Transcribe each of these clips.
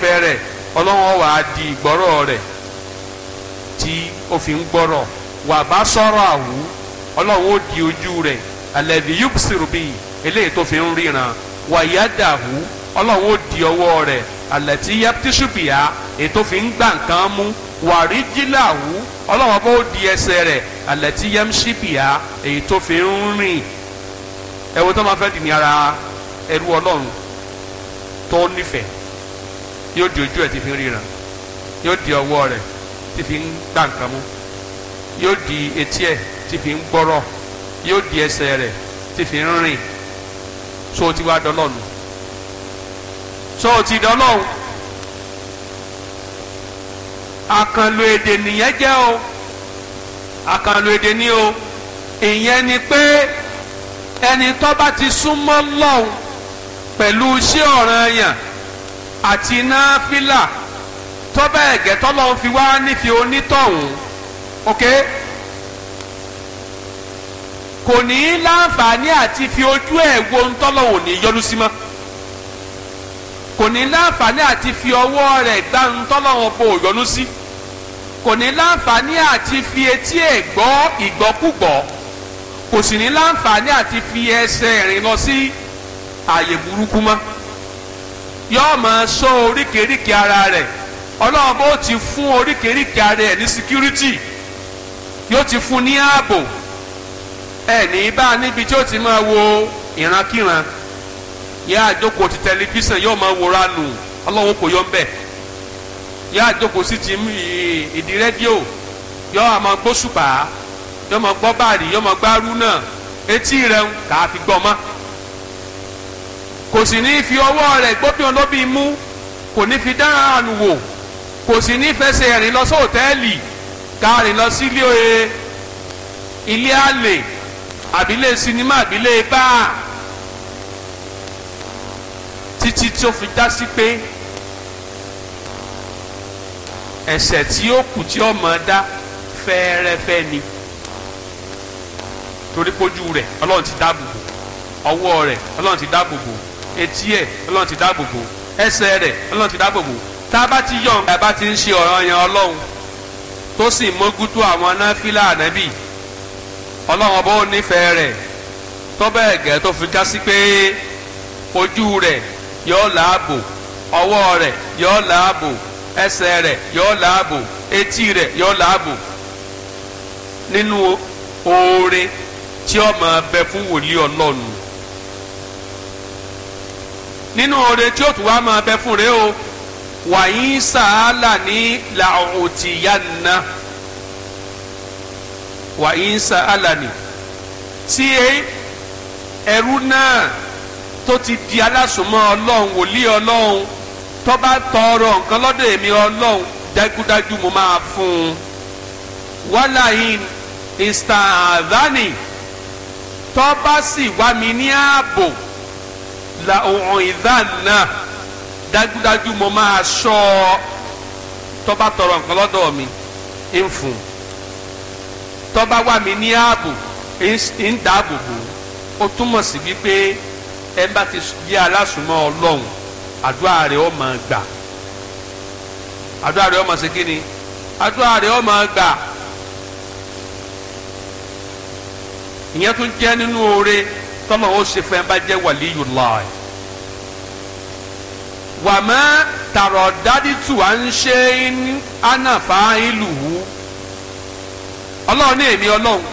nífẹ̀ẹ́ rẹ̀ ọlọ́run wà á di ìgbọ́rọ̀ rẹ̀ tí ó fi ń gbọ́rọ̀ wà bá sọ̀rọ̀ àwù ọlọ́run ó di ojú rẹ̀ alẹ́bí yúbsìrù bíi eléyìí tó fi ń ríran wà yá dàhù ọlọ́run ó di ọwọ́ rẹ̀ alẹ́tí yẹ́ptísùbìyà èyí tó fi ń gbà nǹkan mú wà rí jíláwù ọlọ́run bó di ẹsẹ̀ rẹ̀ alẹ́tí yẹ́mṣíbìyà èyí tó fi ń rìn ẹ̀wọ̀n tó máa fẹ́ dì ní ara ẹrú ọlọ́run tó nífẹ̀ẹ́ yóò di ojú ẹ̀ tí fi ríran yóò di ọwọ́ rẹ̀ tí fi ń gbà nǹkan mú yóò di etí ẹ̀ tí fi ń gbọ́rọ̀ yóò di ẹsẹ̀ rẹ̀ tí fi ń rìn so ti wá dọlọ́nu so ti dọlọ́hun àkànlò èdè nìyẹn jẹ́ o àkànlò èdè ni o ìyẹn ni pé ẹni tó bá ti súnmọ́ lọ́hùn pẹ̀lú iṣẹ́ ọ̀ranyàn àti náfìlà tọ́bẹ̀ ẹ̀gẹ́ tọ́lọ́run fi wá nífẹ̀ẹ́ onítọ̀hún ok kò ní láǹfààní àti fi ojú ẹ̀ wo ntọ́lọ́run ní yọnu sí mọ́ kò ní láǹfààní àti fi ọwọ́ rẹ̀ gbá ntọ́lọ́run bò yọnu sí kò ní láǹfààní àti fi etí ẹ̀ gbọ́ ìgbọ́kúgbọ́ kò sì ní láǹfààní àti fi ẹsẹ̀ rìn lọ sí ààyè burúkú mọ́. yọọ máa sọ oríkèéríkèé ara rẹ ọlọ́run ti fún oríkèéríkèé ara rẹ ní security yóò ti fún ní ààbò ẹ ní bá níbi tí ó ti máa wo ìrankíran yá àjókòó ti tẹlifíṣàn yóò máa wòra nù ọlọ́wọ́ kò yọ ńbẹ yá àjókòó sí ti ìdí rédíò àmọ́ yọọ máa gbọ́ báàrí náà etí rẹ̀ kà fi gbọ́ mọ́. kò sì ní fi ọwọ́ rẹ̀ gbóbìn olóbìn mú kò ní fi dára ànú wò kò sì ní fẹsẹ̀ rìn lọ sí òtẹ́ẹ̀lì ká rìn lọ sí ilé ilé àlè àbílẹ̀ sinimá àbílẹ̀ báà títí tí ó fi já sí pé ẹ̀ṣẹ̀ tí ó kù tí ọmọ dá fẹ́ẹ́rẹ́fẹ́ ni torí pójú rẹ̀ ọlọ́run ti dáàbò bò ọwọ́ rẹ̀ ọlọ́run ti dáàbò bò etí ẹ̀ ọlọ́run ti dáàbò bò ẹsẹ̀ rẹ̀ ọlọ́run ti dáàbò bò tá a bá ti yọ̀ ǹgbà bá ti ń ṣe ọ̀ràn yẹn ọlọ́run tó sì mójútó àwọn náfìlà ànábì ọlọ́run ọba ó nífẹ̀ẹ́ rẹ̀ tó bẹ́ẹ̀ gẹ́ tó fi já pé ojú rẹ̀ yọ láàbò ọwọ́ rẹ̀ yọ láàbò ẹsẹ̀ rẹ̀ yọ láàbò etí rẹ̀ yọ láàbò nínú oore tí ó bẹ fún wòlíì ọlọ́run nínú oore tí ó tún wá máa bẹ fún rẹ o wàyí sàálà ní làòtìyànà wàyí sàálà ní tí ẹrú náà tó ti di alásùnmọ́ ọlọ́run wòlíì ọlọ́run tó bá tọrọ nǹkan lọ́dọ̀ èmi ọlọ́run dájúdájú mo máa fún un wàláhìn ìstàdánì tó bá sì wá mi ní ààbò. la òhun ìdáná dájúdájú mo máa sọ ọ tọ́ba tọrọ nǹkan lọ́dọ̀ mi ń fún tọ́ba wà mí ní ààbò ń dáàbò bò ó túmọ̀ sí wípé ẹ bá ti jẹ́ alásùnmọ́ ọlọ́run àdúrà rẹ̀ ó máa gbà àdúrà rẹ̀ ó máa ṣe tọ́lọ̀ ó ṣe fún ẹ bá jẹ́ waliyullah wàmẹ́ tààrọ̀ dádìtù à ń ṣe ànàfà ìlú ọlọ́run ní èmi ọlọ́run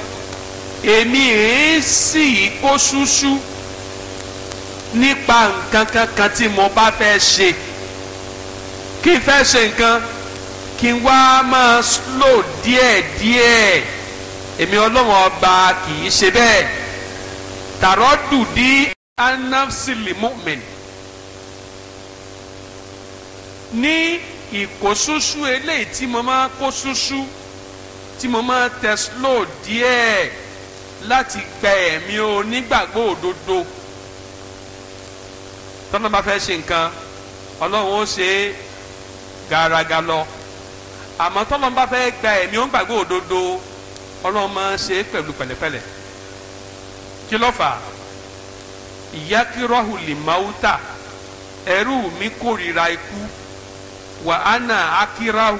èmi èé sì kó ṣúṣú nípa nǹkan kankan tí mo bá fẹ́ ṣe kí n fẹ́ ṣe nǹkan kí n wá máa slow díẹ̀díẹ̀ èmi ọlọ́run ọba kì í ṣe bẹ́ẹ̀ tàrọ́dù di anafsili mu'min ní ìkóṣuṣu eléyìí tí mo máa kóṣuṣu tí mo máa tẹ slow díẹ̀ láti gba ẹ̀mí onígbàgbọ́ òdodo tọ́lá bá fẹ́ ṣe nǹkan ọlọ́run ó ṣe é gàràgà lọ àmọ́ tọ́lá bá fẹ́ gba ẹ̀mí onígbàgbọ́ òdodo ọlọ́run máa ṣe pẹ̀lú pẹ̀lẹ́pẹ̀lẹ́. kí ló fà á limauta ẹrú mi korira iku wa ana nà akirahu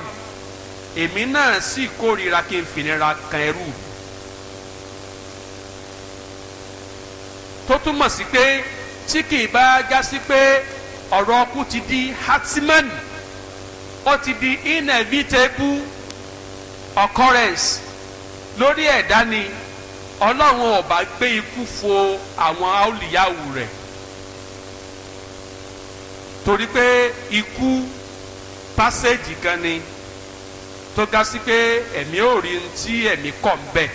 èmi náà sì kórìíra kí n fìnira kan ẹrú tó túmọ̀ sí pé tí kì í bá já sí pé ọ̀rọ̀ ọkú ti di hatiman ó ti di inevitable occurrence lórí ẹ̀dá ni. ọlọ́run ọba gbé ikú fo àwọn aolìyáwó rẹ̀ torí pé ikú pásẹ́jì kan ni tó ga sí pé ẹ̀mí ò rí ohun tí ẹ̀mí kọ̀ ń bẹ̀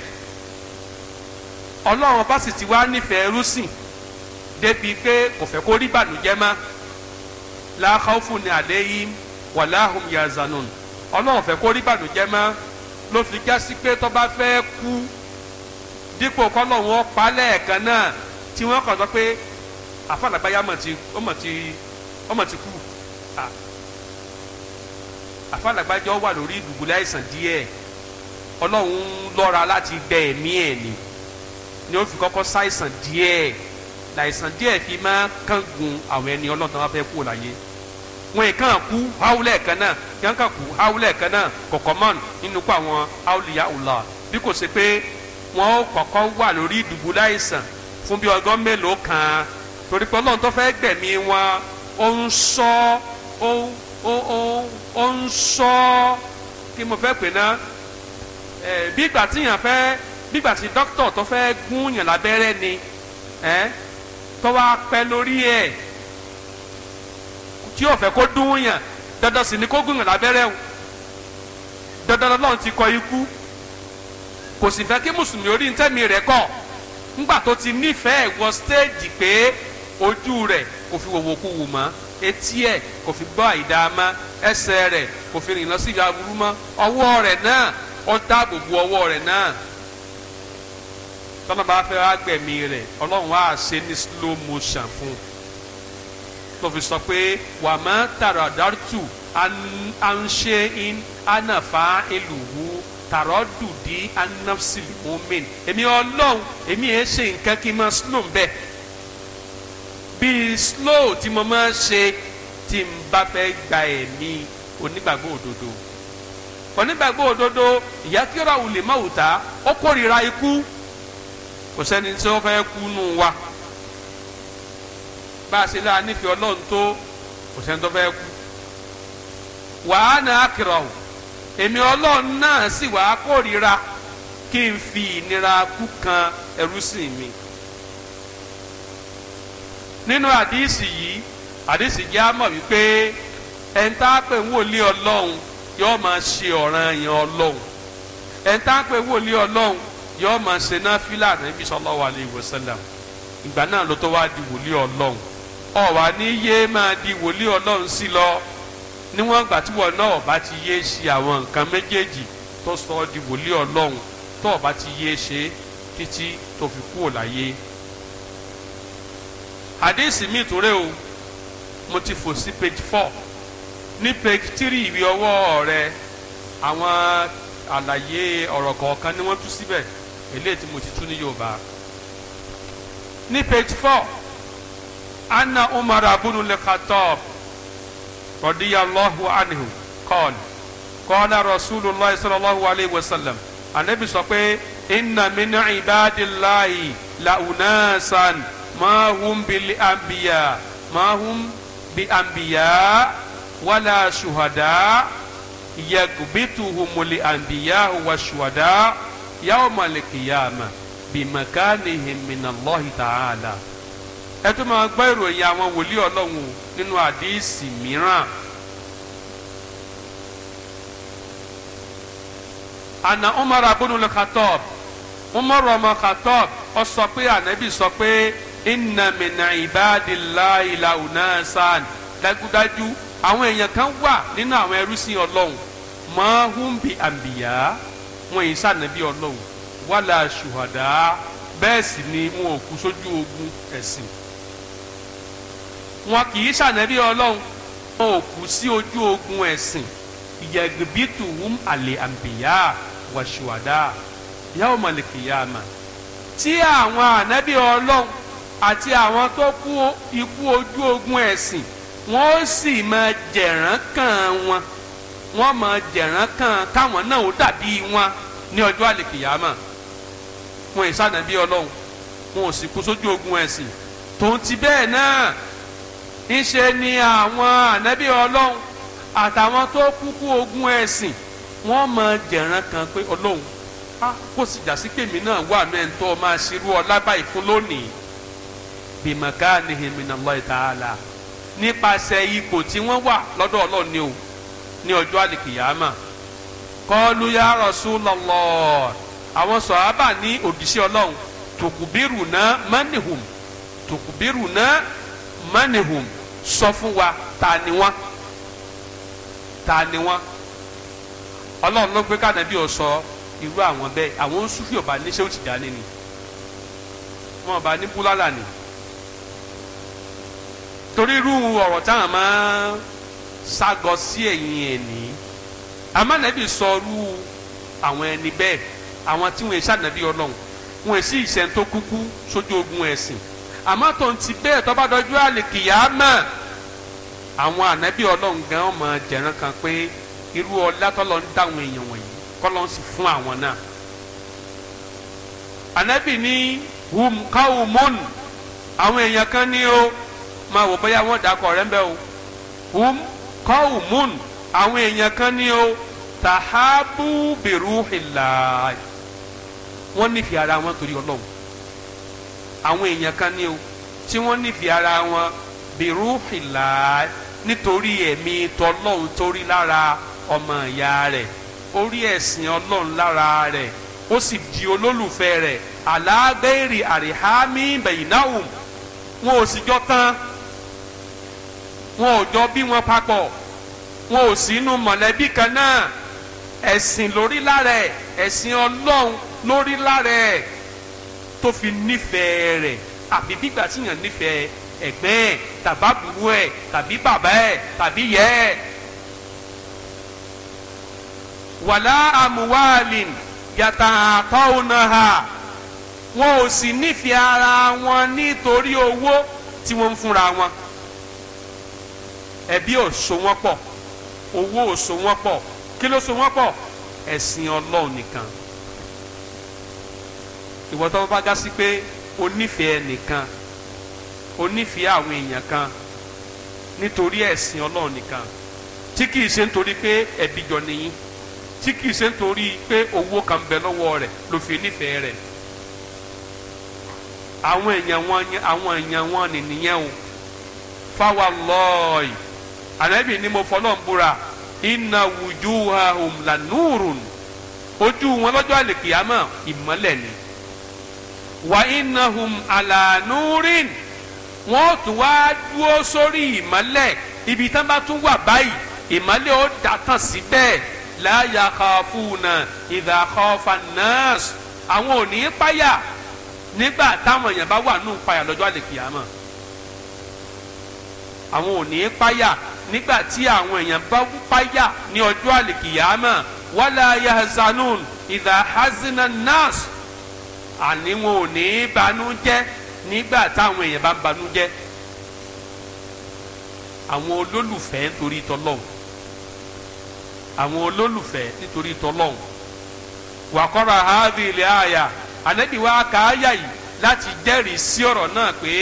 ọlọ́run ọba sì ti wá nífẹ̀ẹ́ rúsìn débi pé kò fẹ́ kó rí bànújẹ́ mọ́ la khawfun alayhim wala hum yazanun ọlọ́run fẹ́ kó rí bànújẹ́ mọ́ ló fi já sí pé tó fẹ́ kú dípò kọ́lọ̀ wọn pa lẹ́ẹ̀kan náà tí wọ́n kàn sọ pé àfàlàgbáyà mọ̀ ti ọmọ ti ọmọ ti kú àfàlàgbájọ wà lórí ìdùbúlẹ̀ àìsàn díẹ̀ ọlọ́run lọ́ra láti gbẹ ẹ̀mí ẹ̀ ni ni ó fi kọ́kọ́ ṣàìsàn díẹ̀ làìsàn díẹ̀ fi máa kángun àwọn ẹni ọlọ́run wọn fẹ́ kú láyé wọn ì kàn kú haúlẹ̀ kan náà kí wọ́n kàn kú haúlẹ̀ kan náà kọ̀kọ́ mọ́ọ̀nù nínú pa àwọn haúlẹ̀ yà ọ̀la bí kò ṣe pé wọ́n kọ́kọ́ wà lórí ìdùbúlẹ̀ àìsàn fún bí ọgọ́ mélòó kan torí pé ọlọ́run tó fẹ́ gbẹ̀mí wọn ó ń sọ ó ń sọ kí mo fẹ́ pè náà bí ìgbà tí yàn fẹ́ bí ìgbà tí dókítà tó fẹ́ gún yàn lábẹ́rẹ́ ni tó wá pẹ́ lórí ẹ̀ tí yóò fẹ́ kó dún yàn dandan sì ni kó gún yàn lábẹ́rẹ́ o dandan lọ́run ti kọ ikú kò sì fẹ́ kí mùsùlùmí orí ntẹ́mi rẹ̀ kọ̀ ńgbà tó ti nífẹ̀ẹ́ wọ stéèjì pé ojú rẹ̀ kò fi wòwò kú wù mọ́ etí ẹ̀ kò fi gbọ́ àìdá mọ́ ẹsẹ̀ rẹ̀ kò fi rìn lọ sí ìyàwó mọ́ ọwọ́ rẹ̀ náà ó dáàbò bo ọwọ́ rẹ̀ náà tọ́lá bá fẹ́ wá gbẹ̀mí rẹ̀ ọlọ́run á ṣe ní slow motion fún un tó fi sọ pé wà má tàràdàtù à ń ṣe in ànàfà èlùwù tàrọ́dùdí anafsi omen èmi ọlọ́run èmi ẹ̀ ṣe nǹkan kí n máa tí mo máa ṣe tí n bá fẹ́ gba ẹ̀mí onígbàgbọ́ òdodo onígbàgbọ́ òdodo ìyá kíra òlè má wùtá ó kórìíra ikú kò sẹ́ni tí wọ́n fẹ́ kú nù wa bá a ṣe nífẹ̀ẹ́ ọlọ́run tó kò sẹ́ni tó fẹ́ wàhánà èmi ọlọ́run náà sì wá kórìíra kí n fi ìnira kú kan ẹrú sí mi. nínú àdíìsì yìí àdíìsì jẹ́ àmọ̀ wípé ẹni tá a pè wòlíì ọlọ́run yóò máa ṣe ọ̀ràn yẹn ọlọ́run ẹni tá a pè wòlíì ọlọ́run yóò máa ṣe náfìlà Ànábì sallallahu alaihi wasallam ìgbà náà ló tó wá di wòlíì ọlọ́run ó wá ní yéé máa di wòlíì ọlọ́run sí lọ níwọ̀n gbà tí wọn náà bá ti yé ṣe àwọn nǹkan méjèèjì tó sọ ọ́ di wòlíì ọlọ́run tó o ti yé ṣe títí tó fi kú òláyé. àdéhìsì mi ìtúrẹ́ o mo ti fò sí page four ní page three ìwé ọwọ́ rẹ àwọn àlàyé ọ̀rọ̀ kọ̀ọ̀kan ni wọ́n tú síbẹ̀ eléyìí tí mo ti tú ní Yorùbá ní page four anna umar abunulekatab رضي الله عنه قال قال رسول الله صلى الله عليه وسلم النبي sọ إن من عباد الله لأناسا ما هم بالأنبياء ما هم بأنبياء ولا شهداء يكبتهم الأنبياء والشهداء يوم القيامة بمكانهم من الله تعالى ẹ tó máa gbọ́ ìròyìn àwọn wòlíì ọlọ́run nínú àdíìsì mìíràn. ana umar abunul khatob umar ọmọ khatob ó sọ pé anabi sọ pé inna mina ibadillahi la unasan dájúdájú àwọn èèyàn kan wà nínú àwọn ẹrúsìn ọlọ́run ma hum bi anbiya wọn yìí sànàbí ọlọ́run wala shuhada bẹ́ẹ̀ sì ni wọn ò kú sójú ogun ẹ̀sìn wọn kì í ṣànẹ́bí ọlọ́run wọn ò kú sí ojú ogun ẹ̀sìn ìyẹ̀gbìbìtù wùm àlè àǹbìyà wàṣùwàdà yàwó mọ̀lẹ́kìyàmà tí àwọn ànẹ́bí ọlọ́run àti àwọn tó kú ikú ojú ogun ẹ̀sìn wọn ó sì máa jẹ̀rán kàn wọn wọn máa jẹ̀rán kàn káwọn náà ó dàbí wọn ní ọjọ́ àlèkìyàmà wọn ìsànẹ́bí ọlọ́run wọn ò sì kú sójú ogun ẹ̀sìn tòun ti bẹ́ẹ̀ náà ńṣe ni àwọn ànábì ọlọ́run àtàwọn tó kúkú ogún ẹ̀sìn wọ́n mọ jẹ̀rán kan pé ọlọ́run kó sì jà sí náà wà mẹ́ńtọ́ máa ṣerú ọ lábàáyé fún lónìí bìmọ̀ká ni ta'ala nípasẹ̀ ipò tí wọ́n wà lọ́dọ̀ ọlọ́run o ní ọjọ́ àlìkìyàmà kọlu ya Rasulullah àwọn sọ̀hábà ní òdìṣẹ́ ọlọ́run tòkùbírù náà tòkùbírù náà sọ fún wa ta ni wọ́n ta ni wọ́n ọlọ́run ló gbé kànábì ò sọ irú àwọn bẹ́ẹ̀ àwọn sufi ọba níṣẹ́ ò ti dá ní ni wọn ọba ní búlálà ni torí irú ọ̀rọ̀ táwọn máa ságọ sí ẹ̀yìn ẹ̀ ní amánàbì sọ irú àwọn ẹni bẹ́ẹ̀ àwọn tí wọn ẹ̀ sànàbí ọlọ́run wọn ẹ̀ sì ìṣẹ́ntó kúkú sójú ogun ẹ̀sìn àmọ́ tó ń ti bẹ́ẹ̀ tó bá dọjú àlè kìyàmọ́ àwọn ànábì ọlọ́run gan ọmọ jẹ̀rán kan pé irú ọlá tọ́lọ́ ń dáwọn èèyàn wọ̀nyí kọ́lọ́ ń sì fún àwọn náà. ànábì ní hum kaumun àwọn èèyàn kan ní o máa wò bóyá wọ́n dàkọ̀ rẹ́ ń bẹ́ o hum kaumun àwọn èèyàn kan ní o tahabu bi ruhillah wọ́n nífẹ̀ẹ́ ara wọn torí ọlọ́run àwọn èèyàn kan ní o tí wọ́n nífẹ̀ẹ́ ara wọn bi ruhillah nítorí ẹ̀mí tọlọ́run tó rí lára ọmọ ìyá rẹ̀ ó rí ẹ̀sìn ọlọ́run lára rẹ̀ ó sì di olólùfẹ́ rẹ̀ aláàgbẹ̀rì àríhámi bẹ̀yìnáhùn wọn ò sì jọ tán wọn ò jọ bí wọn papọ̀ wọn ò sínú mọ̀lẹ́bí kan náà ẹ̀sìn lórí lára ẹ̀ ẹ̀sìn ọlọ́run lórí lára ẹ̀ tó fi nífẹ̀ẹ́ rẹ̀ àbí bí ìgbà nífẹ̀ẹ́ ẹ̀gbẹ́ ẹ̀ tàbábùrú ẹ̀ tàbí bàbá ẹ̀ tàbí yẹ ẹ̀. wàlá àmúwáàlìn yàtà àtọ́wọ́nàhà wọn ò sì nífẹ̀ẹ́ ara wọn nítorí owó tí wọ́n ń fúnra wọn. ẹbí ò so wọ́n pọ̀ owó ò so wọ́n pọ̀ kí ló so wọ́n pọ̀ ẹ̀sìn ọlọ́run nìkan ìwọ tó bá gá sí pé onífẹ̀ẹ́ nìkan onífìyà àwọn èèyàn kan nítorí ẹ̀sìn ọlọ́run nìkan tí kìí ṣe nítorí pé ẹbí nìyí tí kìí ṣe nítorí pé owó kan bẹ lọ́wọ́ rẹ̀ ló fi nífẹ̀ẹ́ rẹ̀ àwọn èèyàn wọn àwọn èèyàn wọn nìyẹn o fáwa ànábì ni mo fọlọ́n búra iná wujuhahum ojú wọn lọ́jọ́ àlèkìyàmọ̀ ìmọ́lẹ̀ ni wà iná hum àlànúrìn. wọ́n tún wá dúró sórí ìmọ́lẹ̀ ibi tán bá tún wà báyìí ìmọ́lẹ̀ ó dàtàn síbẹ̀ láyà kọfúnà ìdá kọfà nọ́ọ̀sì àwọn ò ní páyà nígbà táwọn èèyàn bá wà nù páyà lọ́jọ́ àlèkìyàmọ̀ àwọn ò ní páyà nígbà tí àwọn èèyàn bá páyà ní ọjọ́ àlèkìyàmọ̀ wàlá yahzanun ìdá hazina nọ́ọ̀sì àní wọn ò ní banú jẹ́ nígbà táwọn èèyàn bá ń banújẹ́ àwọn olólùfẹ́ nítorí tọlọ́hùn àwọn olólùfẹ́ nítorí tọlọ́hùn wàkọ́ra hábì ilẹ̀ àyà ànábì wa kà á yà yìí láti jẹ́rìí sí ọ̀rọ̀ náà pé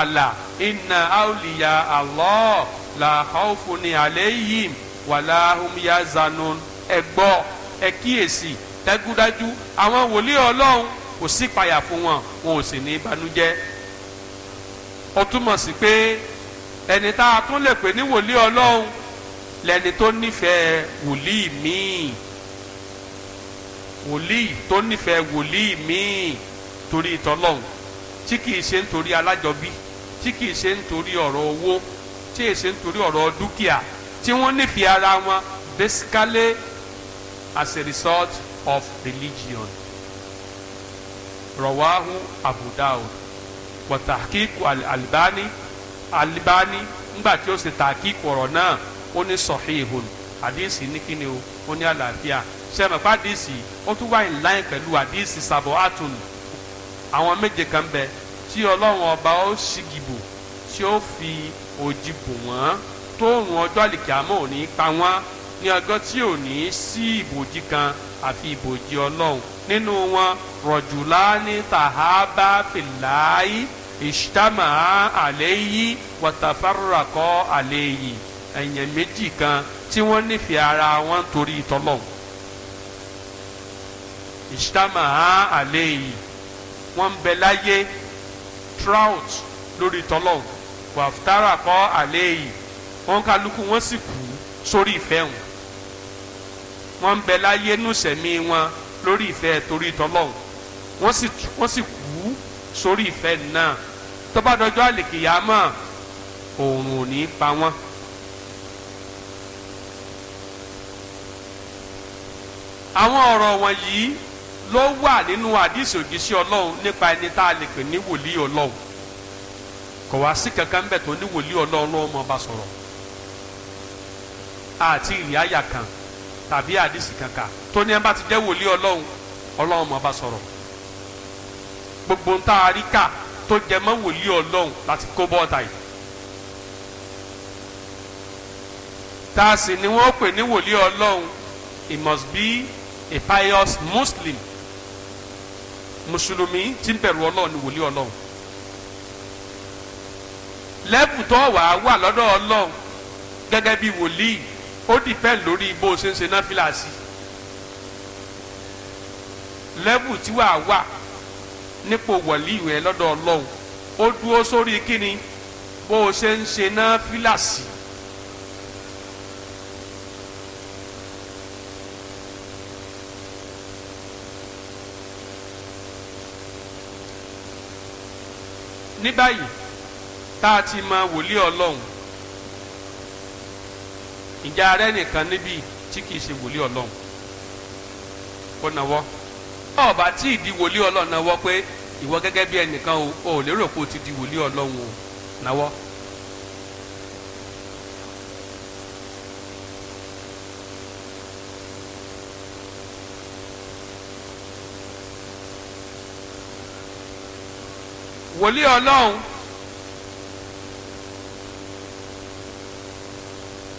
àlà inna awliya Allah la khawfun alayhim wala hum yazanun ẹ gbọ́ dájúdájú àwọn wòlíì ọlọ́run kò sí ìpayà fún wọn wọn ò sì ní ìbànújẹ́ ó túmọ̀ sí pé ẹni tá a tún lè pè ní wòlíì ọlọ́run lẹni tó nífẹ̀ẹ́ wòlíì míì wòlíì tó nífẹ̀ẹ́ wòlíì míì torí ìtọ́lọ́hún tí kìí ṣe nítorí alájọbí tí kìí ṣe nítorí ọ̀rọ̀ owó tí kìí ṣe nítorí ọ̀rọ̀ dúkìá tí wọ́n nífẹ̀ẹ́ ara wọn basically as a result of religion rọwáhu Abu Dawud wọtàkìkù alibani alibani ńgbà tí ó ṣe tàkìkù ọ̀rọ̀ náà ó ní sọhíhun àdìsí ní kíni o ó ní àlàáfíà sẹmọ fàdìsí ó tún wà in line pẹ̀lú àdìsí sàbọ àtún àwọn méje kan bẹ tí Ọlọ́run ọba ó ṣìgìbò tí ó fi òjì bò wọ́n tóòrùn ọjọ́ àlìkàmọ́ ò ní pa wọ́n ní ọjọ́ tí ò ní sí ìbòjì kan àfi ìbòjì ọlọ́run nínú wọn rọ̀jùláni tàhábà fìláì ìṣítàmà àléyí wàtàfàràkọ àléyí ẹ̀yàn méjì kan tí wọ́n nífẹ̀ẹ́ ara wọn torí ìtọ́lọ́hùn ìṣítàmà àléyí wọ́n ń bẹ láyé trout lórí ìtọ́lọ́hùn wàtàfàràkọ àléyí wọ́n kálukú wọ́n sì kú sórí ìfẹ́ wọn wọ́n ń bẹ láyé nùsẹ̀mí wọn lórí ìfẹ́ torí tọ́lọ́hùn wọ́n sì wọ́n sì kú sórí ìfẹ́ náà tó bá dọjọ́ àlèkìyàmọ̀ oòrùn ò ní pa wọ́n. àwọn ọ̀rọ̀ wọ̀nyí ló wà nínú àdìsí òjíṣẹ́ ọlọ́run nípa ẹni tá a lè pè ní wòlíì ọlọ́run kò wá sí kankan bẹ̀ tó ní wòlíì ọlọ́run ló mọ̀ bá sọ̀rọ̀ àti ìrìn àyà kan tàbí àdìsí kankan tó ní ẹ bá ti jẹ́ wòlíì ọlọ́run ọlọ́run mọ̀ bá sọ̀rọ̀ gbogbo ń tá a rí kà tó jẹ mọ́ wòlíì ọlọ́run láti kó bọ́ọ̀tà yìí tá a sì ni wọ́n pè ní wòlíì ọlọ́run it must be a pious muslim mùsùlùmí tí ń bẹ̀rù ọlọ́run ni wòlíì ọlọ́run lẹ́bùtọ́ wàá wà lọ́dọ̀ ọlọ́run gẹ́gẹ́ bí wòlíì ó dìpẹ́ lórí bó o ṣe ń ṣe náfìlà sí lẹ́bù tí wàá wà nípò wọ̀lí ìwé lọ́dọ̀ ọlọ́run ó dúró sórí kíni bó o ṣe ń ṣe náfìlà sí. ní báyìí tá a ti mọ wòlíì ọlọ́run ìjà rẹ nìkan níbí tí kìí ṣe wòlíì ọlọ́run kó nawọ́ ọba tí ìdí wòlí ọlọ́run nawọ pé ìwọ gẹ́gẹ́ bí ẹnìkan o ò lérò pé o ti di wòlí ọlọ́run o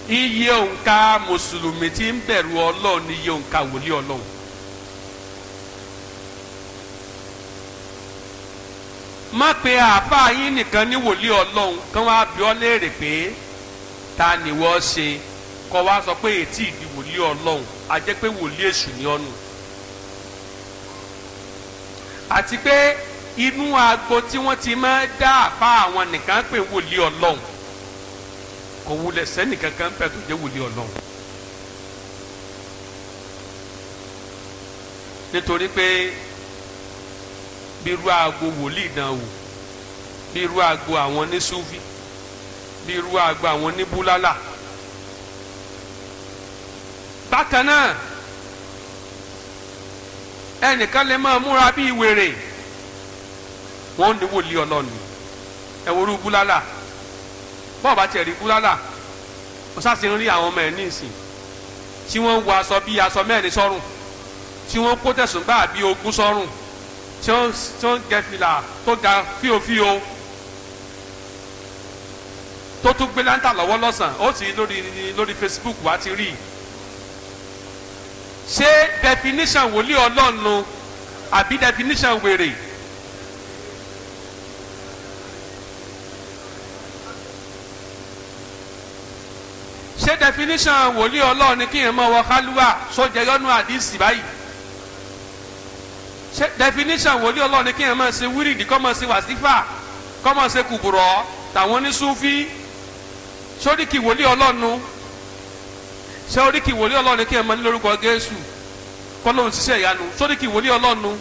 iye òǹkà mùsùlùmí tí ń bẹ̀rù ọlọ́run ni iye òǹkà wòlíì ọlọ́run. má pe àáfàá yín nìkan ní wòlíì ọlọ́run kán wá bi ọ́ léèrè pé ta ni wọ́n ṣe kọ́ wá sọ pé ètí ìdí wòlíì ọlọ́run a jẹ́ pé wòlíì èṣù ni ọ́nù. àti pé inú agbo tí wọ́n ti máa dá àáfàá àwọn nìkan pè wòlíì ọlọ́run kò wulẹ̀ sẹ́ni kankan bẹ́ẹ̀ tó jẹ́ wòlíì ọlọ́run nítorí pé bírú aago wòlíì náà wò bírú aago àwọn ní sufi bírú aago àwọn ní búlálà bákan náà ẹnìkan lè máa múra bíi wèrè wọ́n ń ní wòlíì ọlọ́run ẹ̀ wọ́n rú búlálà bọ́ọ̀ bá tiẹ̀ rí búlálà ó sáṣe ń rí àwọn ọmọ ẹ̀ ní ìsìn tí wọ́n ń wọ aṣọ bíi aṣọ mẹ́rin sọ́rùn tí wọ́n kó tẹ̀sùn gbà bíi ogún sọ́rùn tí wọ́n ń gẹ fìlà tó ga fíofío tó tún gbé láńtà lọ́wọ́ lọ́sàn ó sì lórí lórí Facebook wá ti rí i ṣé definition wòlíì ọlọ́run àbí definition wèrè ṣé definition wòlíì ọlọ́run ni kíyàn mọ́ wọ kálúwà sójẹ yọnu àdìsí báyìí ṣé definition wòlíì ọlọ́run ni kíyàn mọ́ ṣe wíìrìdì kọ́ mọ́ ṣe wàsífà kọ́ mọ́ ṣe kùbùrọ̀ tàwọn oníṣúfí sóríkì wòlíì ọlọ́run ṣé oríkì wòlíì ọlọ́run ni kíyàn mọ́ ní lórúkọ Jésù kọ́ lóun ṣiṣẹ́ ìyanu sóríkì wòlíì ọlọ́run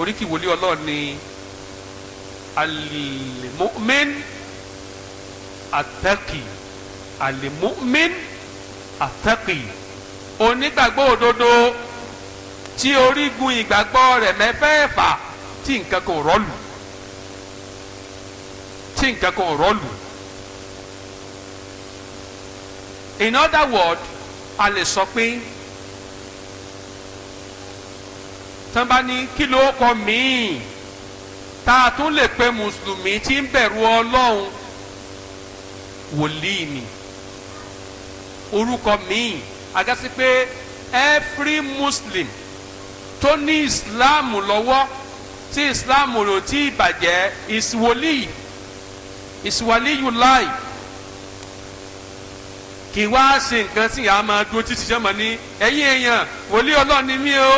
oríkì wòlíì ọlọ́run ni al alimumin ataki onígbàgbọ́ òdodo tí orígun ìgbàgbọ́ rẹ̀ mẹ́fẹ̀ẹ̀fà tí nǹkan kan rọ́ọ̀lù tí nǹkan kan rọ́ọ̀lù in other words a lè sọ pé tán bá ní kí ló kọ míì tá a tún lè pe mùsùlùmí tí ń bẹ̀rù ọlọ́run wòlíì ni orúkọ míì àjẹsí pé every muslim tó ní islam lọ́wọ́ tí islam rò tí ìbàjẹ́ is wòlíì is waliyulai kì í wá ṣe nǹkan tí ìyá máa dúró títí sẹ́mọ̀ ní ẹ̀yìn èèyàn wòlíì ọlọ́ọ̀ni mi o.